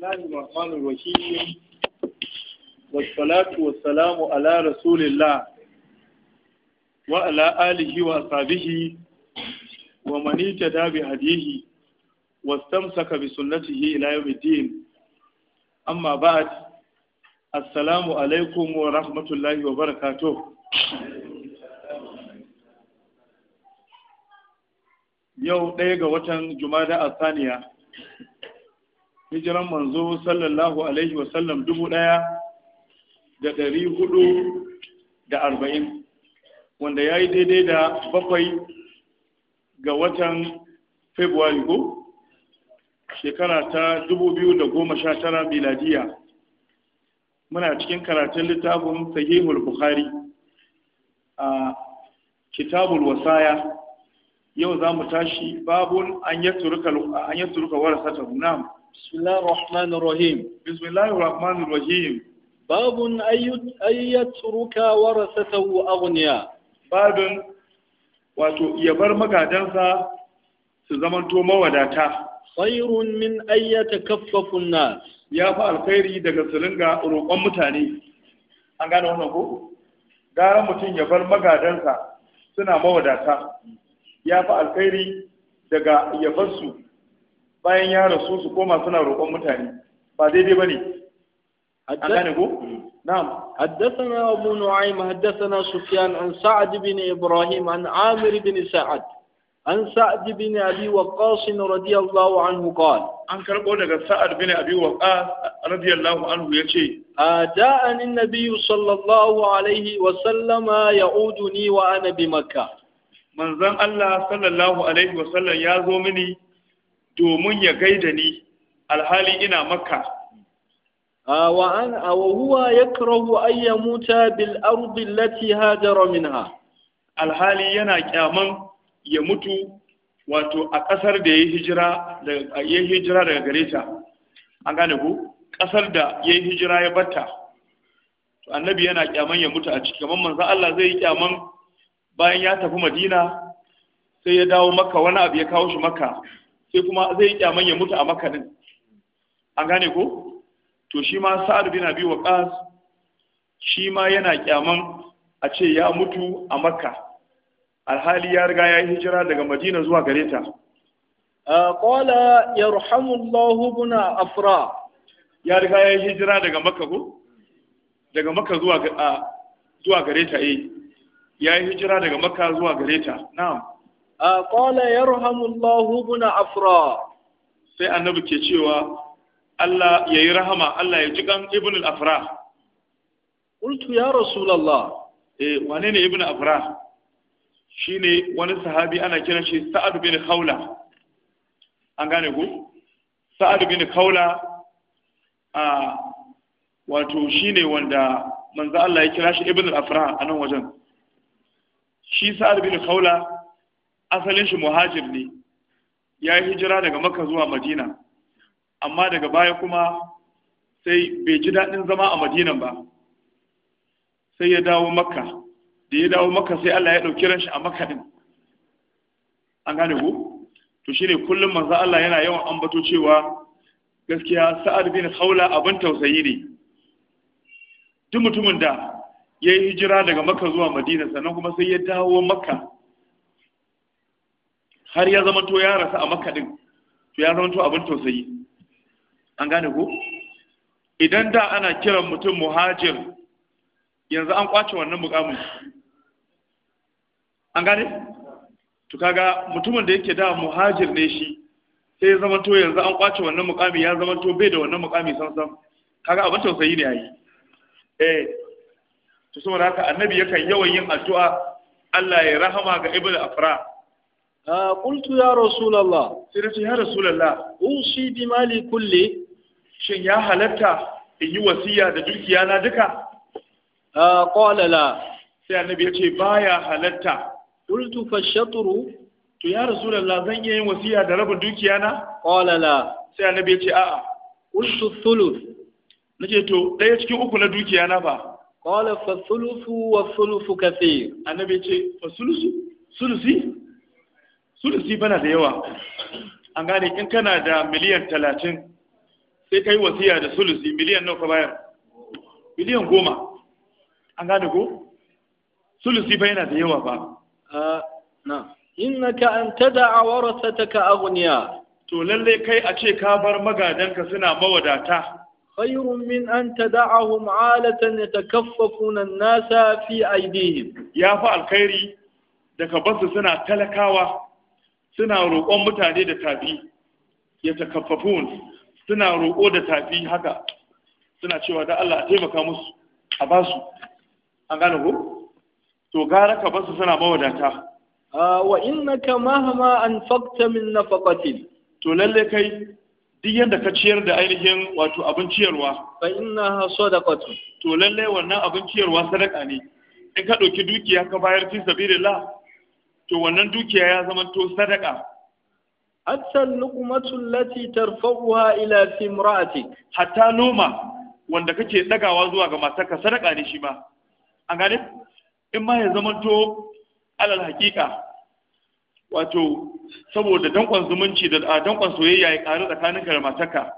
الله الرحمن الرحيم والصلاة والسلام على رسول الله وعلى آله وصحبه ومن اتدى بهديه واستمسك بسنته إلى يوم الدين أما بعد السلام عليكم ورحمة الله وبركاته yau ɗaya ga watan jumada a saniya hijiran manzo sallallahu alaihi wasallam dubu ɗaya da ɗari hudu da arba'in wanda ya yi daidai da bakwai ga watan februari ko shekara ta dubu biyu da goma sha tara miladiya muna cikin karatun littafin sahihul bukhari a kitabul wasaya yau za mu tashi babun an yi turuka warasa ta na'am bismillahir rahmanir rahim bismillahir rahmanir rahim babun ayyat turuka warasa ta aghniya babun wato ya bar magadansa su to mawadata khairun min ayyata kaffafun nas ya fi alkhairi daga sulunga roƙon mutane an gane wannan ko gara mutum ya bar magadansa suna mawadata ya fi alkhairi daga yabansu bayan ya rasu su koma suna roƙon mutane ba daidai ba ne نعم حدثنا أبو نعيم حدثنا سفيان عن سعد بن إبراهيم عن عامر بن سعد عن سعد بن أبي وقاص رضي الله عنه قال عن كربونة سعد بن أبي وقاص رضي الله عنه يشي جاءني النبي صلى الله عليه وسلم يعودني وأنا بمكة Manzan Allah sallallahu alaihi wasallam ya zo mini domin ya gaida ni alhali ina makka A an ya huwa yakrahu an yamuta bil ardi allati hajara minha alhali yana kyaman ya mutu wato a kasar da ya hijira daga hijira daga gare ta an gane ku kasar da ya hijira ya batta to annabi yana kyaman ya mutu a ciki manzan Allah zai yi kyaman bayan ya tafi madina sai ya dawo makka wani abu ya kawo shi makka sai kuma zai yi kyaman ya mutu a makka din an gane ko to shi ma sa'ad bin abi waqas shi ma yana kyaman a ce ya mutu a makka alhali ya riga ya yi hijira daga madina zuwa gare ta qala yarhamullahu buna afra ya riga ya yi hijira daga makka ko daga makka zuwa zuwa gare ta eh ya yi hijira daga makka zuwa gare ta na'am qala yarhamullahu ibn afra sai annabi ke cewa Allah ya yi rahama Allah ya ji kan ibn al-afra qultu ya rasulullah eh wane ne ibn afra shine wani sahabi ana kiran shi sa'ad bin khawla an gane ku sa'ad bin khawla a wato shine wanda manzo Allah ya kira shi ibn al-afra a nan wajen shi sa'ad bin khawla asalin shi muhajir ne ya yi hijira daga makka zuwa madina amma daga baya kuma sai bai ji daɗin zama a madinan ba sai ya dawo makka da ya dawo makka sai allah ya ɗauki ranshi a makka ɗin an gane ku to shine kullum manzo allah yana yawan ambato cewa gaskiya sa'ad bin khawla abin tausayi ne duk mutumin da ya yi hijira daga makka zuwa madina sannan kuma sai ya dawo makka har ya zama to ya rasu a makka din to ya zama to abin tausayi an gane ko idan da ana kiran mutum muhajir yanzu an kwace wannan mukamin an gane to kaga mutumin da yake da muhajir ne shi sai zama to yanzu an kwace wannan mukami ya zama to bai da wannan mukami sam sam kaga abin tausayi ne yayi eh to saboda haka annabi yakan yawan yin addu'a Allah ya rahama ga ibnu afra ah, qultu ya rasulullah sai ce ya rasulullah usi bi mali kulli shin ya halatta in yi wasiya da dukiya na duka ah, qala la sai annabi ya ce baya halatta qultu fa shatru to ya rasulullah zan iya yin wasiya da rabin dukiya na qala la sai annabi ya ce a'a qultu thuluth nace to daya cikin uku na dukiya na ba qala fa thuluthu wa thuluthu kathir annabi ce fa thuluthu Sulusi thuluthi bana da yawa an gane in kana da miliyan talatin sai ka yi wasiya da sulusi miliyan nawa ka bayar miliyan goma an gane ko Sulusi ba yana da yawa ba ah, na innaka an tad'a warasataka aghniya to lallai kai a ce ka bar magadanka suna mawadata خير من أن تدعهم عالة يتكففون الناس في أيديهم يا فعل خيري daga basu suna talakawa suna roƙon mutane da tafi ya takaffafun suna roƙo da tafi haka suna cewa da Allah a taimaka musu a basu an gane ko to gara ka basu suna mawadata ah, wa innaka mahama anfaqta min nafaqatin to lalle kai duk yadda ka ciyar da ainihin wato abin ciyarwa fa da kwatu. to lalle wannan abin ciyarwa sadaka ne in ka ɗauki dukiya ka bayar fi sabilillah to wannan dukiya ya zama to sadaka hatta luqmatu lati tarfa'uha ila fi hatta noma wanda kake dagawa zuwa ga matarka sadaka ne shi ma an gane in ma ya zama to alal haƙiƙa? wato saboda dankon zumunci da a dankon soyayya ya karu tsakanin ka da mataka.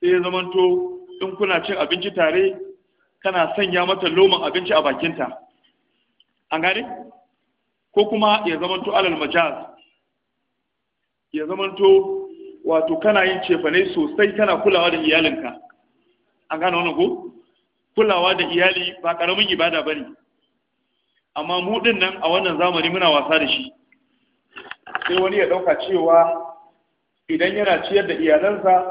sai ya zamanto in kuna cin abinci tare kana sanya mata loman abinci a bakinta an gane ko kuma ya zamanto alal majaz ya zamanto wato kana yin cefane sosai kana kulawa da iyalinka an gane wani ko kulawa da iyali ba karamin ibada ba ne. amma mu nan a wannan zamani muna wasa da shi sai wani ya ɗauka cewa idan yana ciyar da iyalansa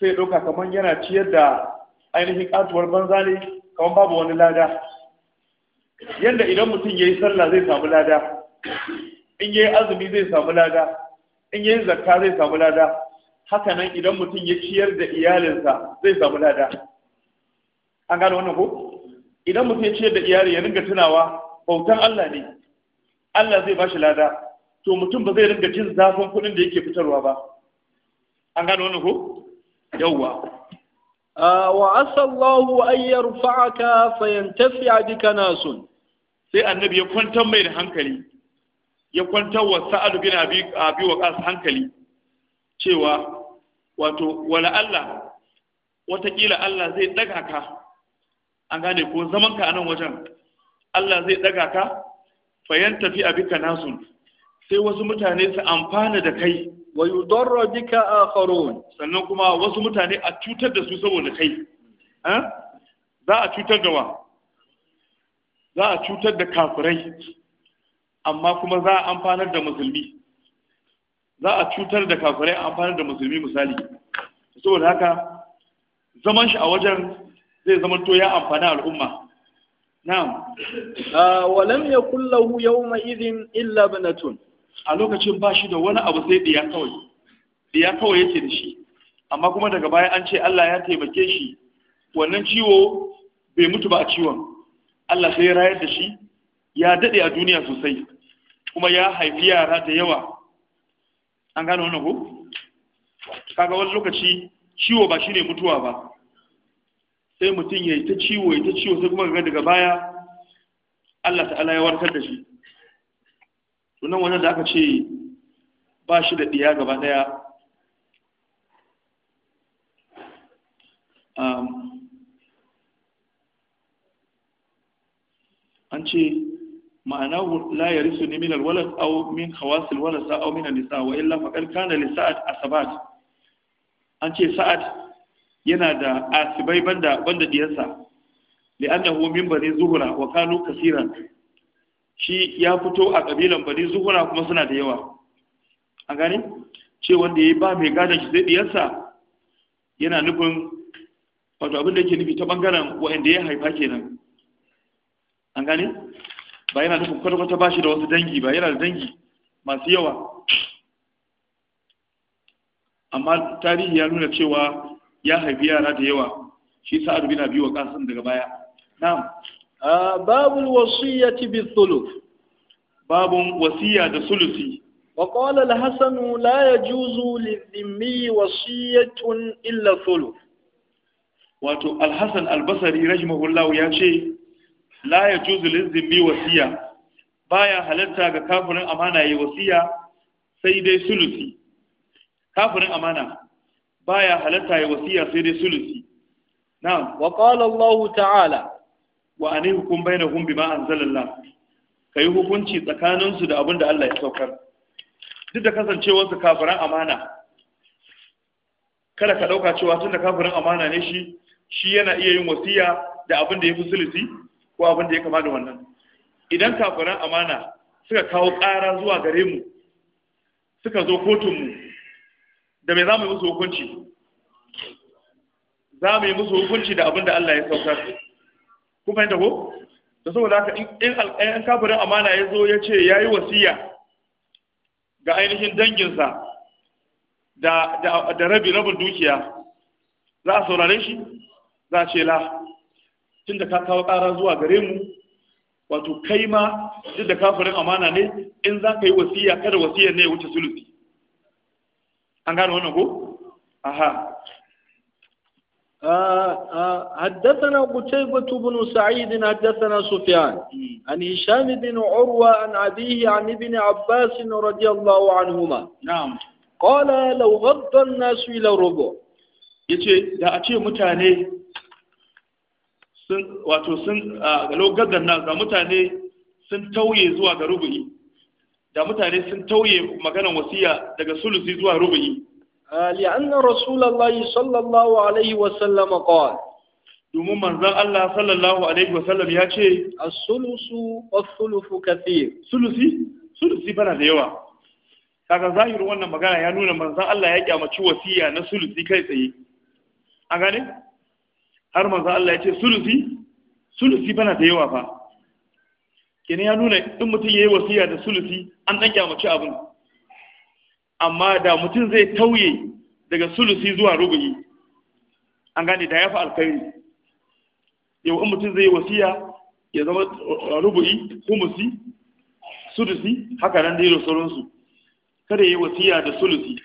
sai ya ɗauka kamar yana ciyar da ainihin ƙatuwar banza ne kamar babu wani lada yadda idan mutum ya yi sallah zai samu lada in ya yi azumi zai samu lada in ya yi zakka zai samu lada hakanan idan mutum ya ciyar da iyalinsa zai samu lada an gano wannan ko idan mutum ya ciyar da iyali ya ringa tunawa bautan Allah ne Allah zai ba shi lada to mutum ba zai ringa jin zafin kuɗin da yake fitarwa ba an gano wannan ko yawwa wa asallahu an yarfa'aka fa yantafi'a bika nasun sai annabi ya kwantar mai da hankali ya kwantar wa Sa'adu bin abi abi kas hankali cewa wato wala Allah watakila Allah zai daga ka an gane ko zaman ka a nan wajen Allah zai daga ka fa yantafi'a bika nasun sai wasu mutane su amfana da kai wa yudarra bika akharun sannan kuma wasu mutane a cutar da su saboda kai za a cutar da wa za a cutar da kafirai amma kuma za a amfanar da musulmi za a cutar da kafirai a amfanar da musulmi misali saboda haka zaman shi a wajen zai zama to ya amfani al'umma na'am ah, walam yakul lahu yawma idhin illa banatun a lokacin ba shi da wani abu sai diya kawai diya kawai yake da shi amma kuma daga baya an ce Allah ya taimake shi wannan ciwo bai mutu ba a ciwon Allah sai ya rayar da shi ya dade a duniya sosai kuma ya haifi yara da yawa an gano wannan ko kaga wani lokaci ciwo ba shine mutuwa ba sai mutum ya yi ta ciwo ya ta ciwo sai kuma daga baya Allah ta'ala ya warkar da shi sunan wannan da aka ce ba shi da ɗiya gaba ɗaya um, an ce ma'ana la ya risu ne min alwalas au min hawasil walasa au min nisa wa illa faƙar kana li sa'ad asabat an ce sa'ad yana da asibai banda ɗiyarsa diyarsa li'annahu min bani zuhura wa kanu kasiran shi ya fito a ƙabilan bari zuhura kuma suna da yawa a gani ce wanda ya ba mai gadon shi zai diyarsa yana nufin wato abin da ke nufi ta ɓangaren wa'anda ya haifa kenan an gani ba yana nufin kwata ba shi da wasu dangi ba yana da dangi masu yawa amma tarihi ya nuna cewa ya haifi yara da yawa shi bina biyu wa ƙasan daga baya na babul wasiyyati bi thuluth babun wasiya da sulusi wa qala al-hasan la yajuzu lidhimmi wasiyyatun illa thuluth wato al-hasan al-basri ya ce la yajuzu lidhimmi wasiya baya halatta ga kafirin amana yayi sai dai sulusi kafirin amana baya halatta yayi wasiya sai dai sulusi na'am wa qala Allah ta'ala wa ani hukum bainahum bima anzalallah kai hukunci tsakanin su da abin da Allah ya saukar duk da kasancewar su kafiran amana kada ka dauka cewa tunda kafirin amana ne shi shi yana iya yin wasiya da abin da ya fi sulisi ko abin da ya kama da wannan idan kafiran amana suka kawo ƙara zuwa gare mu suka zo kotunmu da mai za mu yi musu hukunci za mu yi musu hukunci da abin da Allah ya saukar kun fahimta ko da saboda haka in in kafirin amana ya zo ya ce ya yi wasiya ga ainihin danginsa da da rabi rabin dukiya za a saurare shi za a ce la tun da ka kawo ƙara zuwa gare mu wato kai ma duk da kafirin amana ne in za ka yi wasiya kada wasiyar ne ya wuce sulusi an gane wannan ko aha حدثنا قتيبة بن سعيد حدثنا سفيان عن هشام بن عروة عن أبيه عن ابن عباس رضي الله عنهما نعم قال لو غض الناس إلى الربع yace da a ce mutane sun wato sun logadan nan da mutane sun tauye zuwa ga rubu'i da mutane sun tauye maganar wasiya daga sulusi zuwa rubu'i لأن رسول الله صلى الله عليه وسلم قال domin manzon Allah sallallahu alaihi wasallam ya ce as-sulusu was-sulufu kathir sulusi sulusi bana da yawa kaga zahirin wannan magana ya nuna manzon Allah ya kyamaci wasiya na sulusi kai tsaye a gane har manzon Allah ya ce sulusi sulusi bana da yawa fa kenan ya nuna in mutum yayi wasiya da sulusi an dan kyamaci abin amma da mutum zai tauye daga sulusi zuwa rubu'i an gane da ya fi alkhairi yau in mutum zai wasiya ya zama uh, rubu'i humusi sulusi haka nan da yi rasarunsu kada ya yi wasiya da sulusi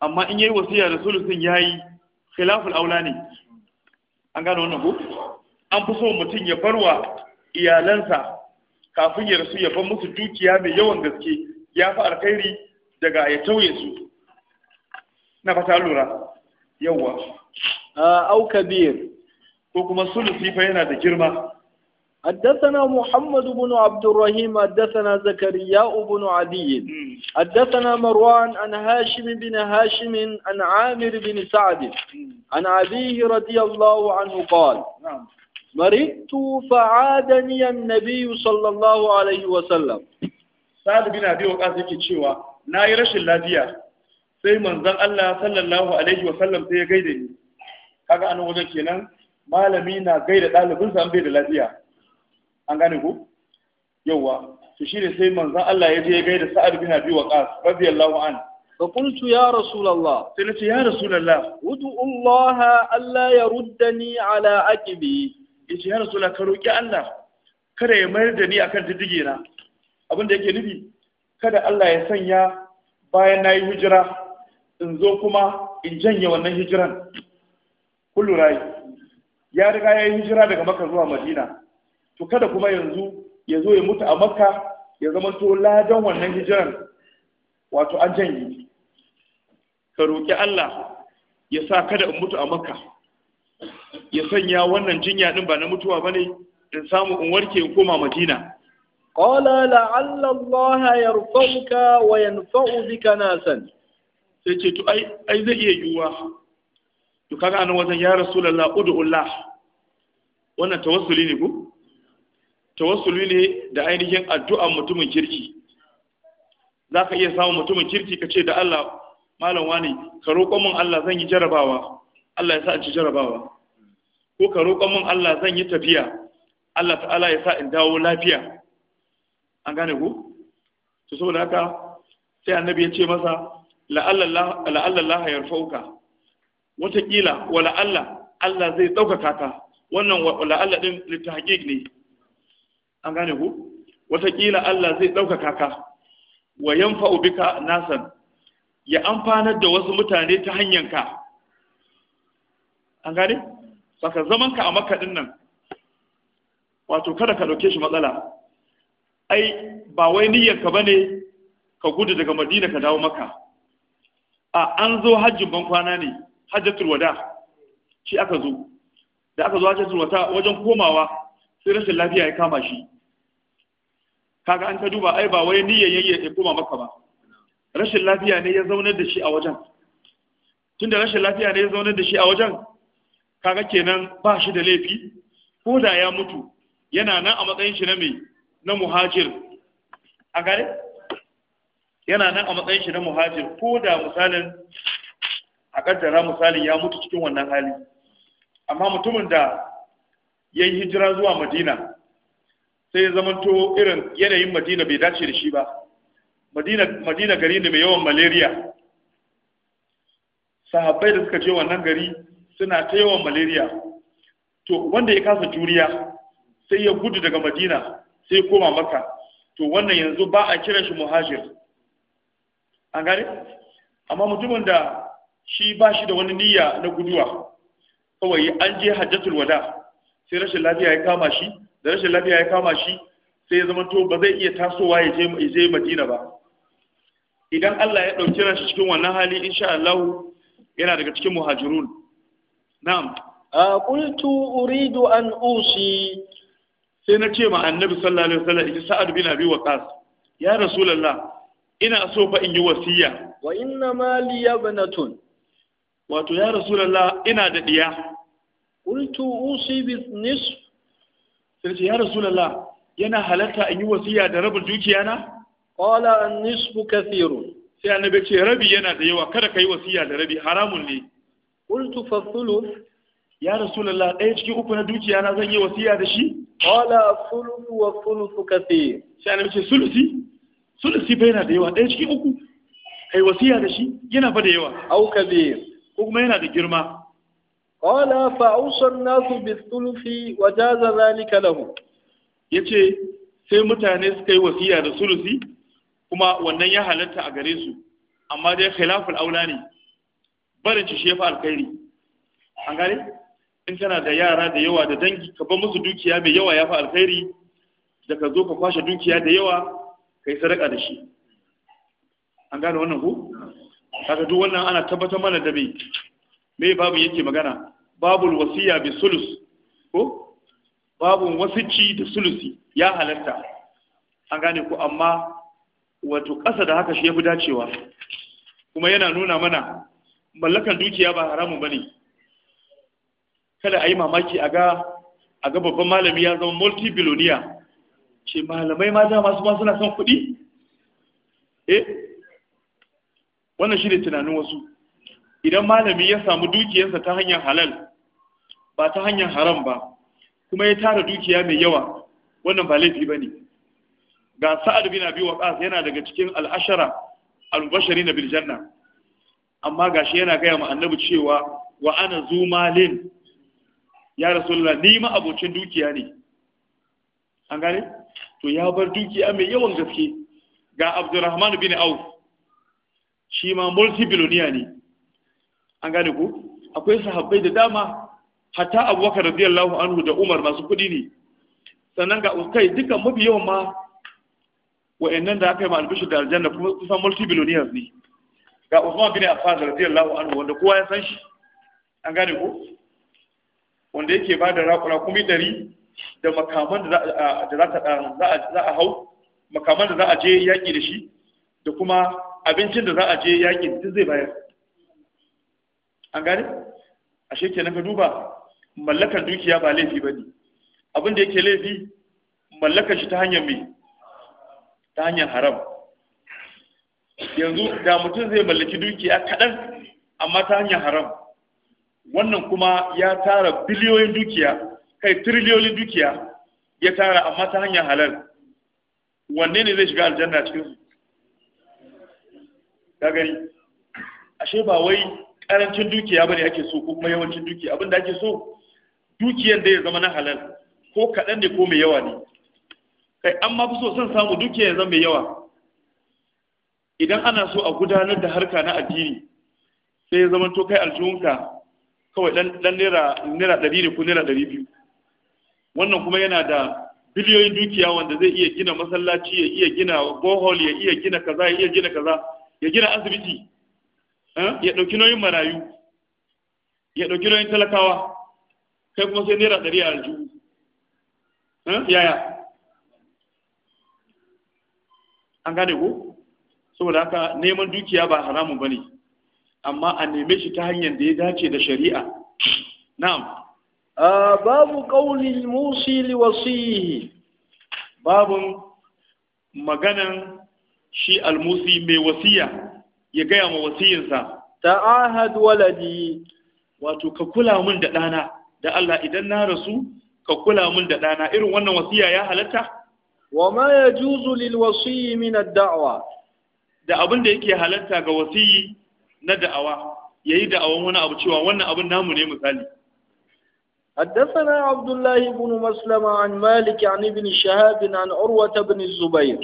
amma in ya yi wasiya da sulusin ya yi khilafin aula ne an gane wannan ko an fi so mutum ya barwa iyalansa kafin ya rasu ya bar musu dukiya mai yawan gaske ya fi alkhairi daga ya tauye su na fata lura yawa au kabir ko kuma sulusi fa yana da girma حدثنا محمد بن عبد الرحيم حدثنا زكريا بن عدي حدثنا مروان عن هاشم بن هاشم عن عامر بن سعد عن أبيه رضي الله عنه قال مرضت فعادني النبي صلى الله عليه وسلم سعد بن أبي وقاس يكي na yi rashin lafiya sai manzon Allah sallallahu alaihi wa sallam sai ya gaida ni kaga anan wajen kenan malami na gaida ɗalibinsa an bai da lafiya an gane ku yawwa to shine sai manzon Allah ya je ya gaida Sa'ad bin Abi Waqqas radiyallahu an fa qultu ya rasulullah sai nace ya rasulullah wudu Allah Allah alla yaruddani ala aqibi yace ya rasulullah ka roki Allah kada ya mayar da ni akan diddige na abin da yake nufi kada Allah ya sanya bayan na yi hijira in zo kuma in janye wannan hijiran kullu rai ya riga ya yi hijira daga Makka zuwa madina to kada kuma yanzu ya zo ya mutu a makka ya zama to ladan wannan hijiran wato an janye ka roƙi Allah ya sa kada in mutu a makka ya sanya wannan jinya din ba na mutuwa bane in samu in warke in koma madina qala la'alla Allah yarfa'uka wa yanfa'u bika nasan sai ce to ai ai zai iya yiwuwa to kaga anan wajen ya rasulullah ud'ullah wannan tawassuli ne ko tawassuli ne da ainihin addu'a mutumin kirki zaka iya samun mutumin kirki kace da Allah malam wani ka roƙon min Allah zan yi jarabawa Allah ya sa in ci jarabawa ko ka roƙon min Allah zan yi tafiya Allah ta'ala ya sa in dawo lafiya an gane ku to saboda haka sai annabi ya ce masa la'allallaha yarfauka watakila wa la'alla Allah zai ɗaukaka ka wannan wa la'alla din litahqiq ne an gane ku watakila Allah zai ɗaukaka ka wa yanfa'u bika nasan ya amfanar da wasu mutane ta hanyar ka an gane saka zaman ka a makka din nan wato kada ka dauke shi matsala ai ba wai niyyarka ba ne ka gudu daga madina ka dawo maka a an zo hajjin ban kwana ne hajjatul wada shi aka zo da aka zo hajjatul wada wajen komawa sai rashin lafiya ya kama shi kaga an ta duba ai ba wai niyyar yayye ya koma maka ba rashin lafiya ne ya zaunar da shi a wajen tunda rashin lafiya ne ya zaunar da shi a wajen kaga kenan ba shi da laifi ko da ya mutu yana nan a matsayin shi na mai na muhajir a gare yana nan a matsayin shi na muhajir ko da misalin a kaddara misalin ya mutu cikin wannan hali amma mutumin da ya yi hijira zuwa madina sai ya zamanto irin yanayin madina bai dace da shi ba madina gari ne mai yawan malaria sahabbai da suka je wannan gari suna ta yawan malaria to wanda ya kasa juriya sai ya gudu daga madina sai koma maka to wannan yanzu ba a kira shi muhajir an gane amma mutumin da shi ba shi da wani niyya na guduwa kawai an je hajjatul wada sai rashin lafiya ya kama shi da rashin lafiya ya kama shi sai ya zama to ba zai iya tasowa ya je je Madina ba idan Allah ya ɗauki shi cikin wannan hali insha Allah yana daga cikin muhajirun na'am qultu uridu an usi sai na ce ma annabi sallallahu alaihi wasallam in sa'ad bin abi waqas ya rasulullah ina so fa in yi wasiya wa inna ma li yabnatun wato ya rasulullah ina da diya qultu usi bi nisf sai ce ya rasulullah yana halatta in yi wasiya da rabin dukiya na qala an nisfu kathirun sai annabi ce rabi yana da yawa kada kai wasiya da rabi haramun ne qultu fa thuluth ya rasulullah ɗaya cikin uku na dukiya na zan yi wasiya da shi wala sulusu wa sulusu kafi sai annabi ce sulusi sulusi bai na da yawa ɗaya cikin uku kai wasiya da shi yana ba da yawa au kabir ko kuma yana da girma wala fa awsan nasu bi sulusi wa jaza zalika lahu yace sai mutane suka yi wasiya da sulusi kuma wannan ya halatta a gare su amma dai khilaful aula ne barin shi shefa alkhairi an gane in kana da yara da yawa da dangi ka ba musu dukiya mai yawa ya fi alkhairi da ka zo ka kwashe dukiya da yawa ka yi sadaka da shi an gane wannan ku kaga duk wannan ana tabbatar mana da mai me babu yake magana babul wasiya bi sulus ko Babu wasici da sulusi ya halatta an gane ku amma wato ƙasa da haka shi ya fi dacewa kuma yana nuna mana mallakan dukiya ba haramun bane kada a yi mamaki a ga babban malami ya zama multi biloniya ce malamai ma dama su ma suna son kuɗi eh wannan shi ne tunanin wasu idan malami ya samu dukiyarsa ta hanyar halal ba ta hanyar haram ba kuma ya tara dukiya mai yawa wannan ba laifi ba ne ga sa'ad bin abi waqas yana daga cikin al'ashara al na biljanna amma gashi yana gaya ma annabi cewa wa ana zumalin ya rasulullah ni ma abocin dukiya ne an gane to ya bar dukiya mai yawan gaske ga abdurrahman bin auf shi ma multi-billionaire ne an gane ku akwai sahabbai da dama hatta abubakar radiyallahu anhu da umar masu kuɗi ne sannan ga kai dukkan mafi yawan ma wa'annan da aka yi ma'albishi da aljanna kuma kusan multi-billionaires ne ga usman bin affan radiyallahu anhu wanda kowa ya san shi an gane ku wanda yake ba da rakumi ɗari da makaman da za a hau makaman da za a je yaƙi da shi da kuma abincin da za a je yaƙi da zai bayar an gane ashe na ka duba mallakar dukiya ba laifi ba ne abin da yake laifi mallakar shi ta hanyar mai ta hanyar haram yanzu da mutum zai mallaki dukiya kaɗan amma ta hanyar haram wannan kuma ya tara biliyoyin dukiya kai tiriliyoyin dukiya ya tara amma ta hanyar halal wanne ne zai shiga aljanna cikin su ka gani ashe ba wai karancin dukiya ba ne ake so ko kuma yawancin dukiya abin da ake so dukiyan da ya zama na halal ko kaɗan ne ko mai yawa ne kai an ma fi so son samu dukiya ya zama mai yawa idan ana so a gudanar da harka na addini sai ya zama to kai aljihunka kawai dan naira ɗari ne ko naira ɗari biyu wannan kuma yana da biliyoyin dukiya wanda zai iya gina masallaci ya iya gina bohol ya iya gina kaza ya iya gina kaza ya gina asibiti eh, ya ɗauki nauyin marayu ya ɗauki nauyin talakawa kai kuma sai naira ɗari a aljihu eh, yaya an gane ko saboda haka neman dukiya ba haramun ba ne amma a neme shi ta hanyar da ya dace da shari'a na'am babu ƙaunin musi li wasihi babun maganan shi almusi mai wasiya ya gaya ma wasiyinsa ta'ahad waladi wato ka kula mun da ɗana da Allah idan na rasu ka kula mun da ɗana irin wannan wasiya ya halatta wa ma yajuzu lil wasi min ad-da'wa da abinda yake halatta ga wasiyi na da'awa yayi da'awan wani abu cewa wannan abin namu ne misali حدثنا عبد الله بن مسلم عن مالك عن ابن شهاب عن عروة بن الزبير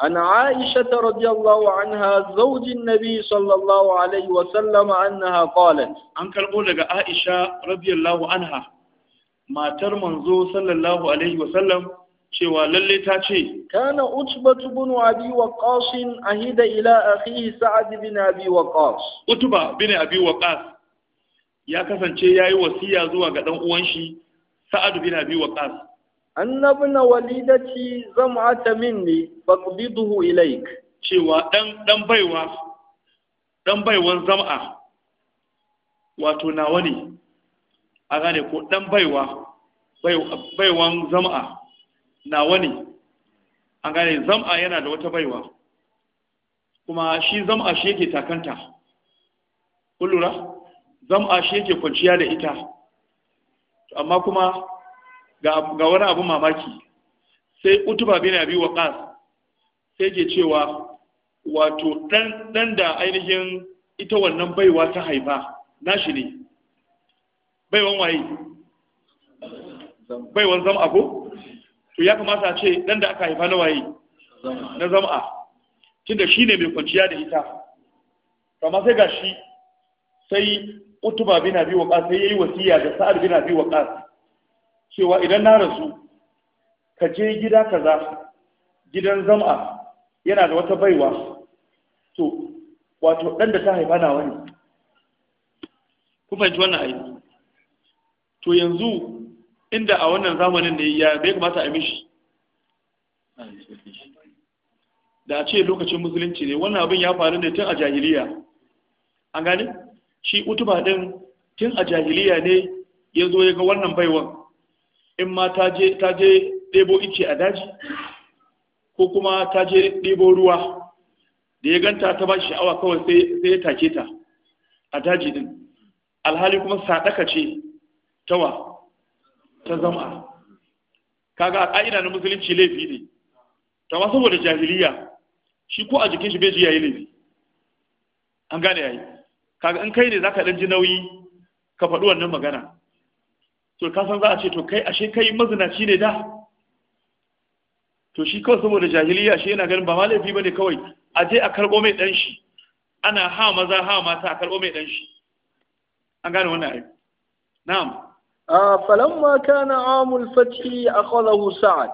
عن عائشة رضي الله عنها زوج النبي صلى الله عليه وسلم أنها قالت عن كالقول عائشة رضي الله عنها ما تر منزو صلى الله عليه وسلم cewa lalle ta ce kana utba bin abi waqas ahida ila akhi sa'ad bin abi waqas utba bin abi waqas ya kasance yayi wasiya zuwa ga dan uwan shi sa'ad bin abi waqas annabna walidati zam'ata minni faqbiduhu ilayk cewa dan dan baiwa dan baiwan zam'a wato nawa ne a gane ko dan baiwa baiwan zam'a nawa ne an gane zam'a yana da wata baiwa kuma shi zam'a shi yake takanta kullura zam'a shi yake kwanciya da ita amma kuma ga wani abu mamaki sai utuba bin abi waqas sai ke cewa wato dan dan da ainihin ita wannan baiwa ta haifa nashi ne baiwan waye baiwan zam'a ko to ya kamata ce dan da aka haifa na waye na zama tunda shi ne mai kwanciya da ita amma sai gashi sai utuba bin abi waqas sai yayi wasiya ga sa'ad bin abi waqas cewa idan na rasu ka je gida kaza gidan zama yana da wata baiwa to wato dan da ta haifa na wani ku fahimci wannan ayi to yanzu inda a wannan zamanin ne ya bai kamata a mishi da a ce lokacin musulunci ne wannan abin ya faru ne tun a jahiliya an gane shi utuba din tun a jahiliya ne ya zo ya ga wannan baiwan in ma ta je ɗebo ice a daji ko kuma ta je ɗebo ruwa da ya ganta ta ba shi sha'awa kawai sai ya take ta a daji din alhali kuma sadaka ce tawa ta zama kaga a ƙa'ida na musulunci laifi ne ta ma saboda jahiliya shi ko a jikin shi bai ji yayi laifi an gane yayi kaga in kai ne zaka dan ji nauyi ka faɗi wannan magana to ka san za a ce to kai ashe kai mazinaci ne da to shi kawai saboda jahiliya shi yana ganin ba ma laifi bane kawai a je a karɓo mai ɗan shi ana ha maza ha mata a karɓo mai ɗan shi an gane wannan ayi. na'am falamma kana amul fathi akhadahu sa'ad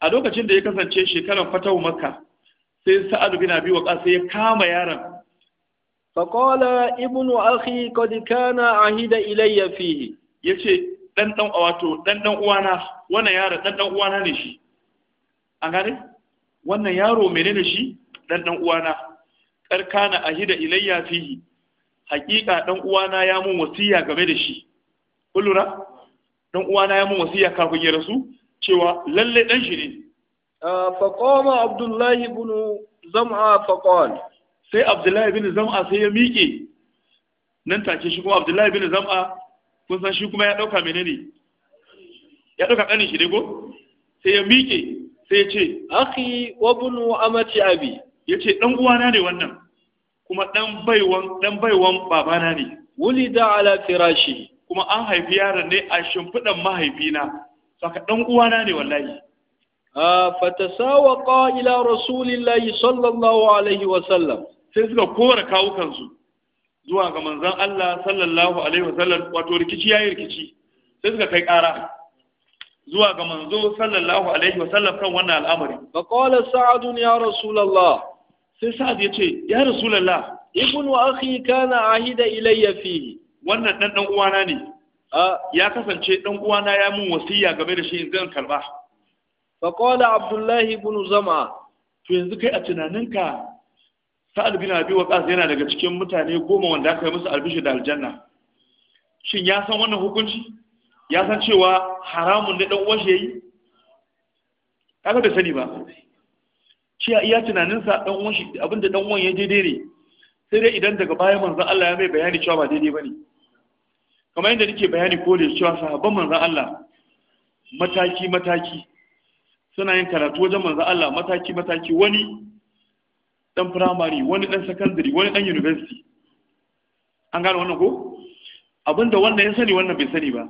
a lokacin da ya kasance shekaran fatawu makka sai sa'ad bin abi waqas sai ya kama yaron qala ibnu akhi qad kana ahida ilayya fihi yace dan dan wato dan dan uwana wannan yaro dan dan uwana ne shi an gane wannan yaro menene shi dan dan uwana karkana ahida ilayya fihi hakika dan uwana ya mun wasiya game da shi kullura lura uwana ya mun wasiya kafin ya rasu cewa lalle dan shi ne ah, qama abdullahi ibn zam'a qala sai abdullahi ibn zam'a sai ya miƙe nan take shi kuma abdullahi ibn zam'a kun san shi kuma ya dauka menene ya dauka kanin shi ne ko sai ya miƙe sai ya ce akhi wa bunu amati abi yace dan uwana ne wannan kuma dan baiwan dan baiwan babana ne wulida ala firashi kuma an haifi yaron ne a shimfiɗan mahaifina saka ɗan uwana ne wallahi fatasawaqa ila rasulillahi sallallahu alaihi wa sallam sai suka kora kawukansu zuwa ga manzon Allah sallallahu alaihi wa sallam wato rikici yayi rikici sai suka kai ƙara zuwa ga manzo sallallahu alaihi wa sallam kan wannan al'amari fa qala sa'ad ya rasulullah sai sa'ad yace ya rasulullah ibnu akhi kana ahida ilayya fihi wannan ɗan ɗan uwana ne ya kasance ɗan uwana ya mun wasiya game da shi zan karba fa qala abdullah ibn zama to yanzu kai a tunaninka sa'ad bin abi waqas yana daga cikin mutane goma wanda aka yi musu albishi da aljanna shin ya san wannan hukunci ya san cewa haramun ne dan uwan yi? yayi kaga bai sani ba shi a iya tunaninsa dan uwan shi abinda dan uwan ya daidai ne sai dai idan daga baya manzon Allah ya mai bayani cewa ba daidai bane kamar yadda nake bayani ko da cewa sahabban manzon Allah mataki mataki suna yin karatu wajen manzon Allah mataki mataki wani dan primary wani dan secondary wani dan university an gane wannan ko abinda wannan ya sani wannan bai sani ba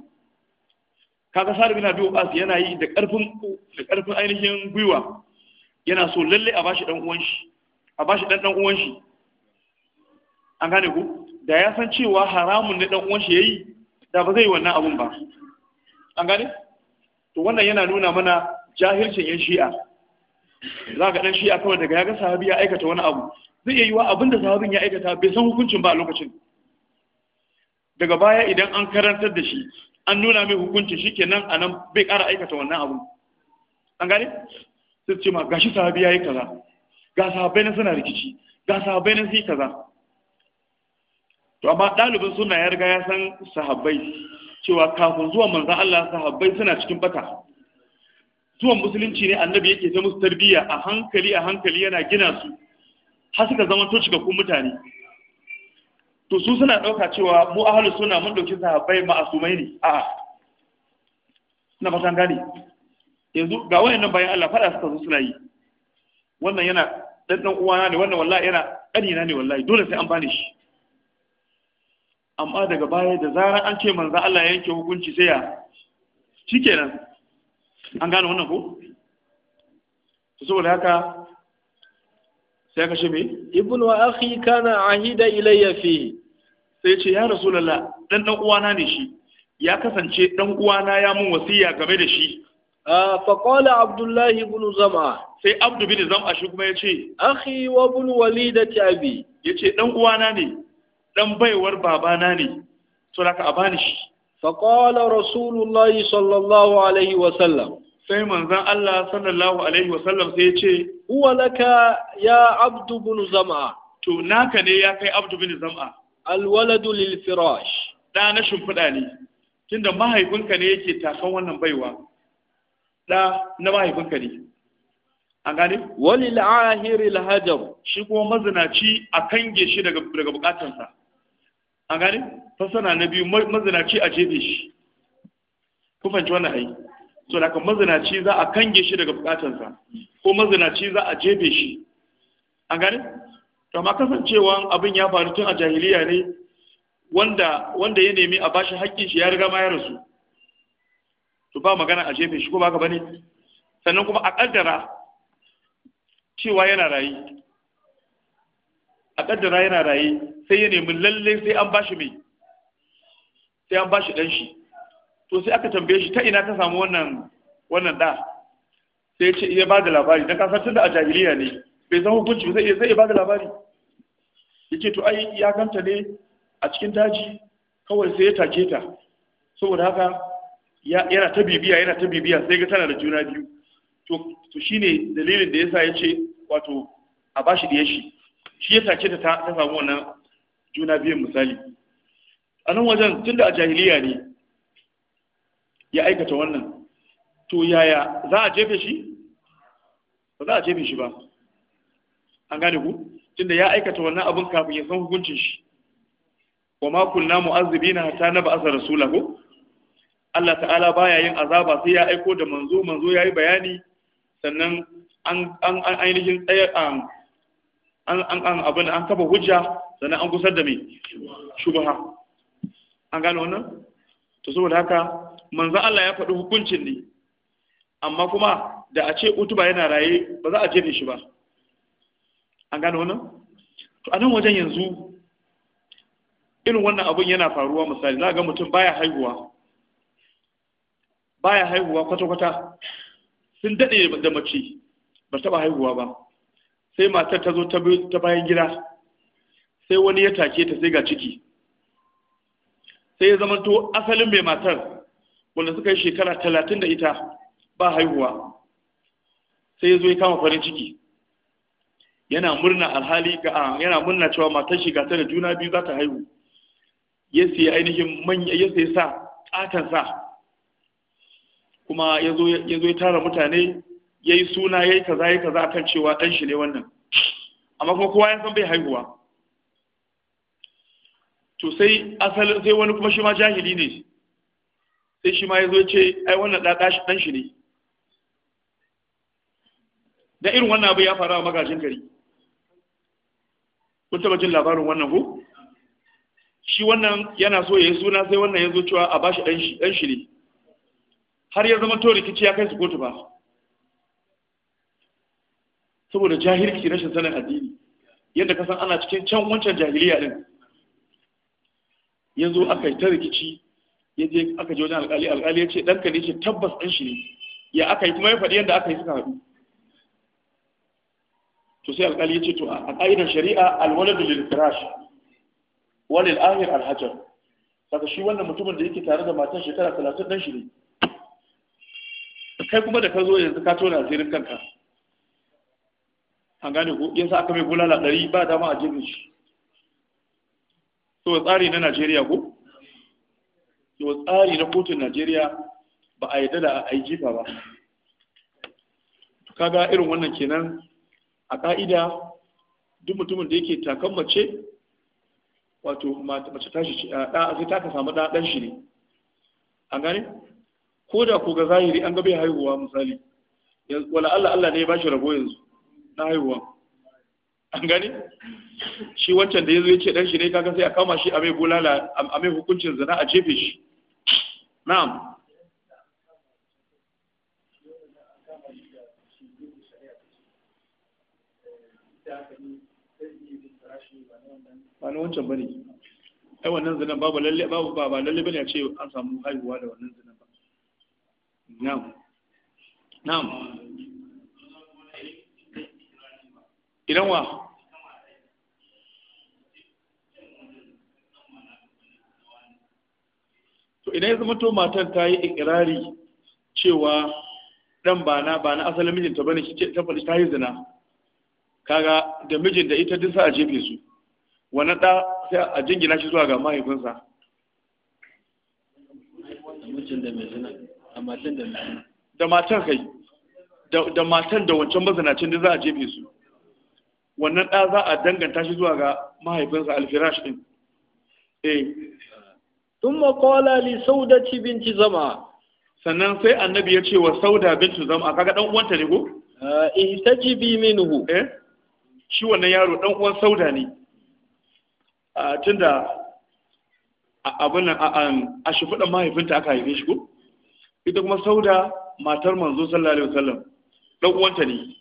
kaga sarbi na Abi Waqqas yana yi da karfin da karfin ainihin gwiwa yana so lalle a bashi dan uwan shi a bashi dan dan uwan shi an gane ku da ya san cewa haramun ne dan uwan shi yayi da ba zai wannan abun ba an gane to wannan yana nuna mana jahilcin yan shi'a za ka dan shi'a kawai daga ya ga sahabi ya aikata wani abu zai iya yiwa abin da sahabin ya aikata bai san hukuncin ba a lokacin daga baya idan an karantar da shi an nuna mai hukunci shikenan a nan bai ƙara aikata wannan abu an gane sai ce ma gashi sahabi ya yi kaza ga sahabai na suna rikici ga sahabai na sai kaza to amma ɗalibin suna ya riga ya san sahabbai cewa kafin zuwan manzan Allah sahabbai suna cikin bata zuwan musulunci ne annabi yake ta musu tarbiyya a hankali a hankali yana gina su har suka zama to cikakkun mutane to su suna ɗauka cewa mu ahalu suna mun ɗauki sahabbai ma'asumai ne a'a na fatan gane yanzu ga wayannan bayan Allah faɗa suka zo suna yi wannan yana dan dan uwana ne wannan wallahi yana ƙanina ne wallahi dole sai an bani shi amma daga baya da zarar an ce manzo Allah ya yanke hukunci sai ya shikenan an gane wannan ko saboda haka sai ka ce me ibnu wa akhi kana ahida ilayya fi sai ce ya rasulullah dan dan uwana ne shi ya kasance dan uwana ya mun wasiya game da shi fa qala abdullah بن zama. sai Abdu bin Zam'a shi kuma yace akhi wa ibn walidati abi yace dan uwana ne dan baiwar babana ne to da a bani shi faqala rasulullahi sallallahu alaihi wa sallam sai manzan Allah sallallahu alaihi wa sallam sai ce huwa laka ya abdu bin zam'a to naka ne ya kai abdu bin zam'a alwaladu lil firash da na shimfiɗa ne tunda mahaifinka ne yake takan wannan baiwa da na mahaifinka ne an gane walil ahiri hajar shi kuma mazinaci a kange shi daga daga bukatansa an gane fasana na biyu mazinaci a jefe shi kufanci fahimci wannan ai so da kan mazinaci za a kange shi daga bukatansa ko mazinaci za a jefe shi an gane to ma kasancewan abin ya faru tun a jahiliya ne wanda wanda ya nemi a bashi haƙƙin shi ya riga ma ya rasu to ba magana a jefe shi ko ba ka bane sannan kuma a kaddara cewa yana rayu. a kaddara yana raye sai ya nemi lalle sai an bashi mai sai an bashi dan shi to sai aka tambaye shi ta ina ka samu wannan wannan da sai ya ce eh, ya ba da labari dan kasar tunda a jahiliya ne bai san hukunci zai iya zai ba da labari yace to ai ya ganta ne a cikin daji kawai sai ya take ta saboda haka yana ta bibiya yana ta bibiya sai ga tana da juna biyu to shine dalilin da yasa yace wato a bashi da yashi shi ya sake ta ta samu wannan juna biyan misali a nan wajen tun a jahiliya ne ya aikata wannan to yaya za a jefe shi ba za a jefe shi ba an gane ku tunda ya aikata wannan abin kafin ya san hukuncin shi wa ma kunna mu'azzibina hatta nab'atha rasulahu Allah ta'ala baya yin azaba sai ya aiko da manzo manzo yayi bayani sannan an an ainihin tsayar um, an abin an kafa hujja sannan an gusar da mai shubaha an gane wannan to saboda haka manzo Allah ya faɗi hukuncin ne amma kuma da a ce utuba yana raye ba za a je shi ba an gane wannan to a nan wajen yanzu irin wannan abun yana faruwa misali za ga mutum baya haihuwa baya haihuwa kwata-kwata sun daɗe da mace ba taɓa haihuwa ba sai matar ta zo ta bayan gida sai wani ya take ta sai ga ciki sai ya zamanto asalin mai matar wanda suka yi shekara talatin da ita ba haihuwa sai ya zo ya kama farin ciki yana murna alhali ga yana murna cewa matar shi gata da juna biyu za ta haihu ya sai ainihin manya ya sai sa katansa. kuma ya zo ya tara mutane Ya yi suna ya yi kaza yayi kaza akan cewa ɗan shi ne wannan amma kuma kowa ya san bai haihuwa to sai asalin sai wani kuma shi ma jahili ne sai shi ma ya zo ce ai wannan shi ɗan shi ne da irin wannan abu ya faru a magajin gari kun taba jin labarin wannan ko shi wannan yana so ya yi suna sai wannan ya zo cewa a bashi shi ɗan shi ne har ya zama to rikici ya kai su kotu ba saboda jahilci rashin sanin addini yadda kasan ana cikin can wancan jahiliya din yanzu aka yi ta rikici yadda aka ji wajen alƙali alƙali ya ce ɗanka ne ce tabbas ɗan shi ne ya aka yi kuma ya faɗi yadda aka yi suka haɗu to sai alƙali ya ce to a ƙa'idar shari'a alwalar da firash walil ahir alhajar saka shi wannan mutumin da yake tare da matan shekara talatin ɗan shi ne kai kuma da ka zo yanzu ka tona zirin kanka an gane ko sa aka mai gulala ɗari ba dama a jirgin shi to tsari na najeriya ko to tsari na kotun najeriya ba a yadda da a yi jifa ba kaga irin wannan kenan a ka'ida duk mutumin da yake takan mace wato mace tashi ce a sai ta ka samu ɗan shi ne an gane ko da ko ga zahiri an ga haihuwa misali wala Allah Allah ne ya bashi rabo yanzu na haihuwa an gani shi wancan da ya zo ya ce dan shi ne kaga sai a kama shi a mai bulala a mai hukuncin zina a jefe shi na'am na wancan bane ai wannan zinan babu lalle babu ba ba lalle bane a ce an samu haihuwa da wannan zinan ba na'am na'am idan wa to idan ya zama to matan ta yi ikirari cewa dan ba na ba na asalin mijinta bane shi ce ta faɗi ta yi zina kaga da mijin da ita dinsa a jefe su wani da sai a jingina shi zuwa ga mahaifinsa da da matan da kai da matan da wancan mazinacin da za a jefe su wannan ɗa za a danganta shi zuwa ga mahaifinsa alfirash ɗin eh. tun makola li saudaci binci zama sannan sai annabi ya ce wa sauda binci zama kaga ɗan uwanta ne ko eh, ihtajibi minhu eh shi wannan yaro ɗan uwan sauda ne tunda abin nan a shafiɗan mahaifinta aka haife shi ko ita kuma sauda matar manzo sallallahu alaihi wasallam ɗan uwanta ne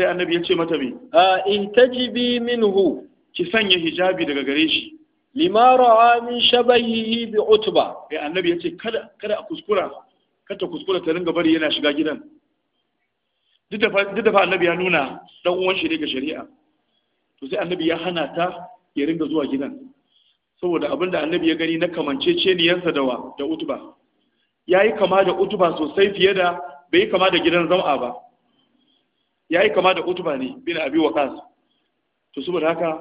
sai annabi ya ce mata a in tajibi minhu ki sanya hijabi daga gare shi limara ra'a min shabahihi bi utba Ya annabi ya ce kada a kuskura kada kuskura ta ringa bari yana shiga gidan duk da annabi ya nuna dan uwan shi ne ga shari'a to sai annabi ya hana ta ya ringa zuwa gidan saboda abin da annabi ya gani na kamance kamanceceniyarsa da wa da utuba ya yi kama da utuba sosai fiye da bai kama da gidan zama ba Ya yi kama da utuba ne bin abi waqas to saboda haka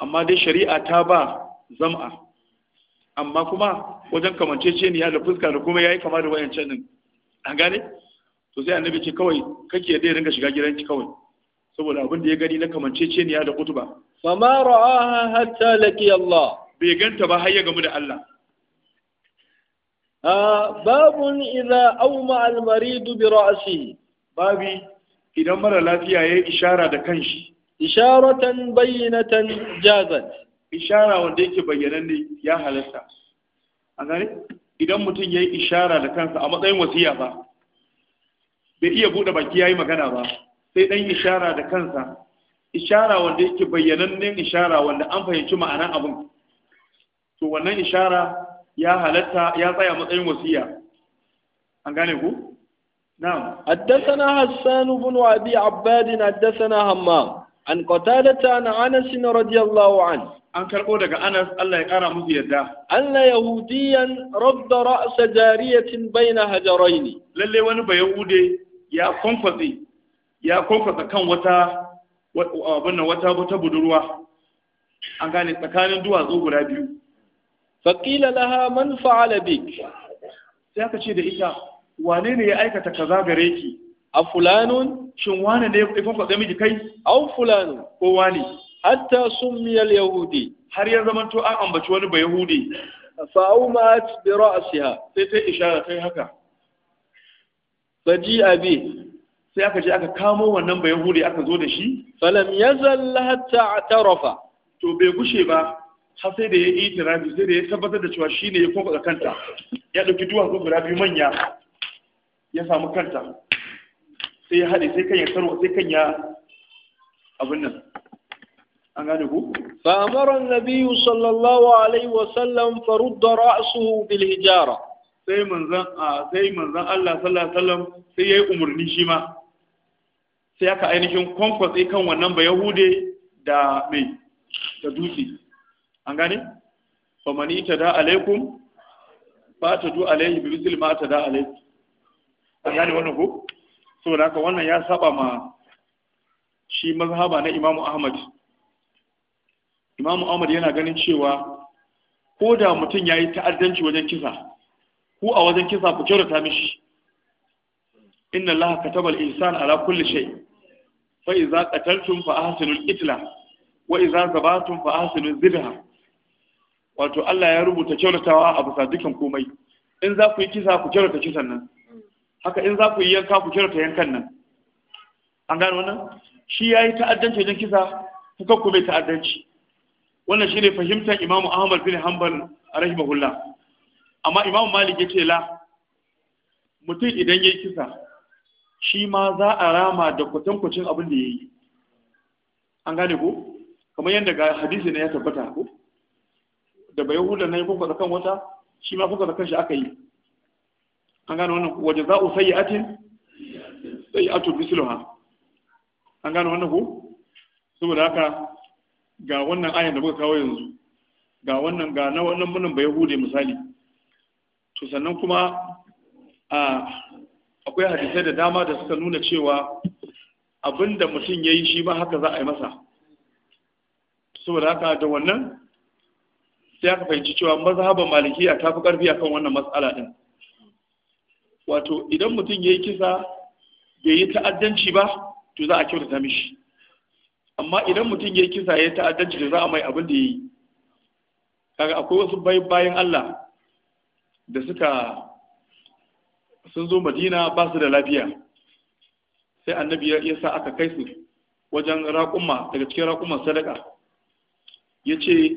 amma dai shari'a ta ba zam'a amma kuma wajen kamanceceniya da fuska da kuma ya yi kama da wayancan din an gane to sai annabi ce kawai kake dai ringa shiga gidanki kawai saboda abin da ya gani na kamanceceniya da fa ma ra'aha hatta laki Allah bai ganta ba har ya gamu da Allah ah, babun idza auma al-marid bi ra'sihi babi idan mara lafiya ya yi ishara da kanshi isharatan bayyanatan jazat ishara wanda yake ne ya halatta a gane idan mutum ya yi ishara da kansa a matsayin wasiya ba bai iya buɗe baki ya yi magana ba sai ɗan ishara da kansa ishara wanda yake ne ishara wanda an fahimci ma'anar abin to wannan ishara ya halatta ya tsaya matsayin wasiya an gane ku نعم حدثنا حسان بن أبي عباد حدثنا همام عن قتادة عن أنس رضي الله عنه an karɓo daga Anas Allah ya ƙara musu yadda. Allah Yahudiyan radda ra'sa jariyatin baina hajaraini. Lalle wani ba Yahude ya kwankwatse ya kwankwatsa kan wata abin wata wata budurwa an gane tsakanin duwatsu guda biyu. Faƙila laha man fa'ala bik. Sai da ita wane ne ya aikata kaza gare ki a fulanun shin wane ne ya faɗa miki kai au fulanun ko wane hatta summiyal yahudi har ya zama to an ambaci wani ba yahudi fa'umat bi ra'siha sai ta ishara kai haka faji abi sai aka je aka kamo wannan ba yahudi aka zo da shi falam yazal hatta atarafa to bai gushe ba har sai da ya yi itirafi sai da ya tabbatar da cewa shine ya kofa kanta ya ɗauki duwatsu guda biyu manya ya samu kanta sai ya haɗe sai kan ya tarwa sai kan ya abin nan an gane ku fa amara annabi sallallahu alaihi wa sallam farudda ra'suhu bil hijara sai manzon sai manzon Allah sallallahu alaihi wasallam sai yayi umurni shi ma sai aka ainihin kwankwatse kan wannan ba yahude da mai da dutse an gane fa mani ta da alaikum fa ta du alaihi bi misli ma ta da alaikum an gane wannan ko saboda haka wannan ya saba ma shi mazhaba na imamu ahmad imamu ahmad yana ganin cewa ko da mutum ya yi ta'addanci wajen kisa ko a wajen kisa ku kyautata mishi inna allaha katabal ihsan ala kulli shay fa idza qataltum fa ahsinul itla wa idza zabatum fa ahsinul zibha wato Allah ya rubuta kyautatawa a bisa dukan komai in za ku yi kisa ku kyautata kisan nan haka in za ku yi yanka ku ta yankan nan an gano wannan shi ya yi ta'addanci wajen kisa kuka ku bai ta'addanci wannan shi ne fahimtar imamu ahmad bin hanbal rahimahullah amma imamu malik ya ce la mutum idan ya yi kisa shi ma za a rama da kwatankwacin abin da ya yi an gane ko kamar yadda ga hadisi ne ya tabbata ko da bai huda na yi kwakwata kan wata shi ma kwakwata kan shi aka yi an gano wannan ku. wa jaza'u sayyi'atin sayyi'atu misluha an gano wannan ku. saboda haka ga wannan ayan da muka kawo yanzu ga wannan ga na wannan munin bai hude misali to sannan kuma a akwai hadisai da dama da suka nuna cewa abinda mutum yayi shi ba haka za a yi masa saboda haka da wannan sai aka fahimci cewa mazhaban malikiya ta fi karfi akan wannan matsala din wato idan mutum ya yi kisa bai yi ta'addanci ba to za a kyautata mishi amma idan mutum ya yi kisa ya yi ta'addanci da za a mai abin da ya yi kaga akwai wasu bayan Allah da suka sun zo madina ba su da lafiya sai annabi ya sa aka kai su wajen raƙuma daga cikin raƙuman sadaka ya ce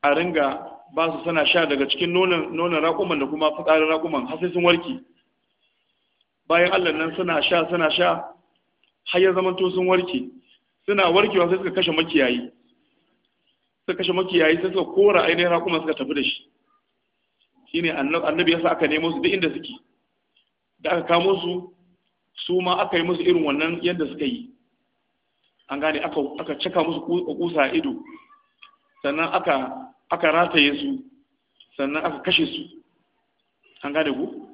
a ringa ba su sana sha daga cikin nonon raƙuman da kuma fitsarin raƙuman har sai sun warke bayan Allah nan suna sha suna sha har ya to sun warke suna warkewa sai suka kashe makiyayi suka kashe makiyayi sai suka kora ainihin rakuma suka tafi da shi shine annabi ya sa aka nemo su duk inda suke da aka kamo su su ma aka yi musu irin wannan yadda suka yi an gane aka aka caka musu kusa ido sannan aka aka rataye su sannan aka kashe su an gane ku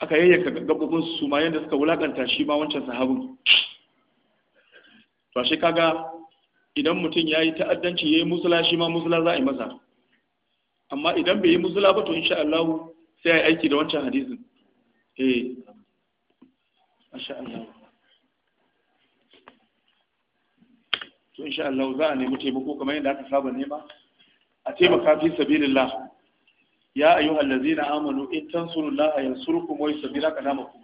aka yayyanka gabobin su ma yadda suka wulakanta shi ma wancan sahabu to shi kaga idan mutum ya yi ta'addanci ya yi musula shi ma musula za a yi masa amma idan bai yi musula ba to insha Allah sai a yi aiki da wancan hadisin eh masha Allah to insha Allah za a nemi taimako kamar yadda aka saba nema a taimaka fi sabilillah ya ayyuhal ladzina amanu in tansurullaha yansurkum wa yusabbir lakum